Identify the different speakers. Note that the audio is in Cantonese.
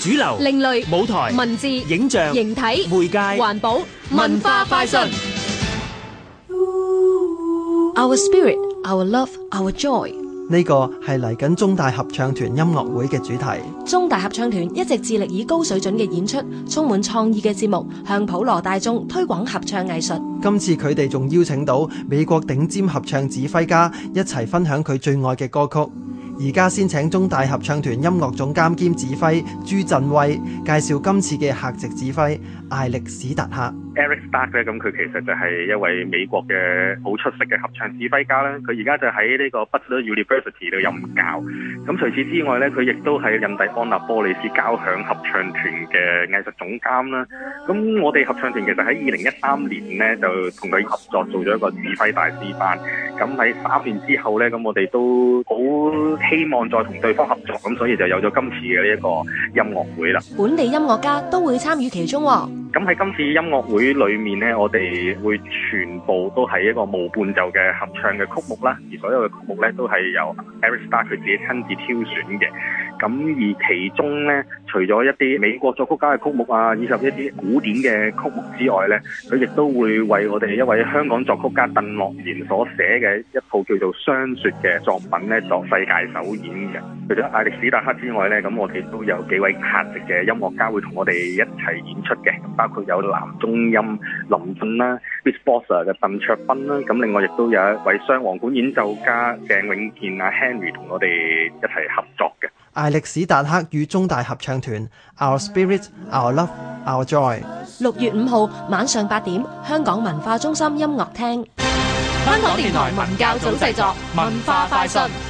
Speaker 1: 主流、另類、舞台、文字、影像、形
Speaker 2: 體、媒介、環保、文化快訊。Our spirit, our love, our joy。
Speaker 1: 呢個係嚟緊中大合唱團音樂會嘅主題。
Speaker 2: 中大合唱團一直致力以高水準嘅演出、充滿創意嘅節目，向普羅大眾推廣合唱藝術。
Speaker 1: 今次佢哋仲邀請到美國頂尖合唱指揮家，一齊分享佢最愛嘅歌曲。而家先請中大合唱團音樂總監兼指揮朱振威介紹今次嘅客席指揮艾力史達克
Speaker 2: Eric Stark 咧，咁佢其實就係一位美國嘅好出色嘅合唱指揮家啦。佢而家就喺呢個 Butler University 度任教。咁除此之外咧，佢亦都係印第安納波利斯交響合唱團嘅藝術總監啦。咁我哋合唱團其實喺二零一三年呢就同佢合作做咗一個指揮大師班。咁喺三年之後咧，咁我哋都好，希望再同對方合作，咁所以就有咗今次嘅呢一個音樂會啦。本
Speaker 1: 地音樂家都會參與其中喎、哦。
Speaker 2: 咁喺今次音樂會裏面呢，我哋會全部都係一個無伴奏嘅合唱嘅曲目啦，而所有嘅曲目呢，都係由 Eric Star 佢自己親自挑選嘅。咁而其中呢，除咗一啲美國作曲家嘅曲目啊，以及一啲古典嘅曲目之外呢，佢亦都會為我哋一位香港作曲家鄧樂妍所寫嘅一套叫做《霜雪》嘅作品呢，作世界首演嘅。除咗艾力史達克之外呢，咁我哋都有幾位客席嘅音樂家會同我哋一齊演出嘅。包括有男中音林俊啦，Miss Bosser 嘅鄧卓斌啦，咁另外亦都有一位雙簧管演奏家鄭永健，啊 Henry 同我哋一齊合作嘅。
Speaker 1: 艾力史達克與中大合唱團 Our Spirit Our Love Our Joy。
Speaker 2: 六月五號晚上八點，香港文化中心音樂廳。香港電台文教組製作，
Speaker 1: 文化快訊。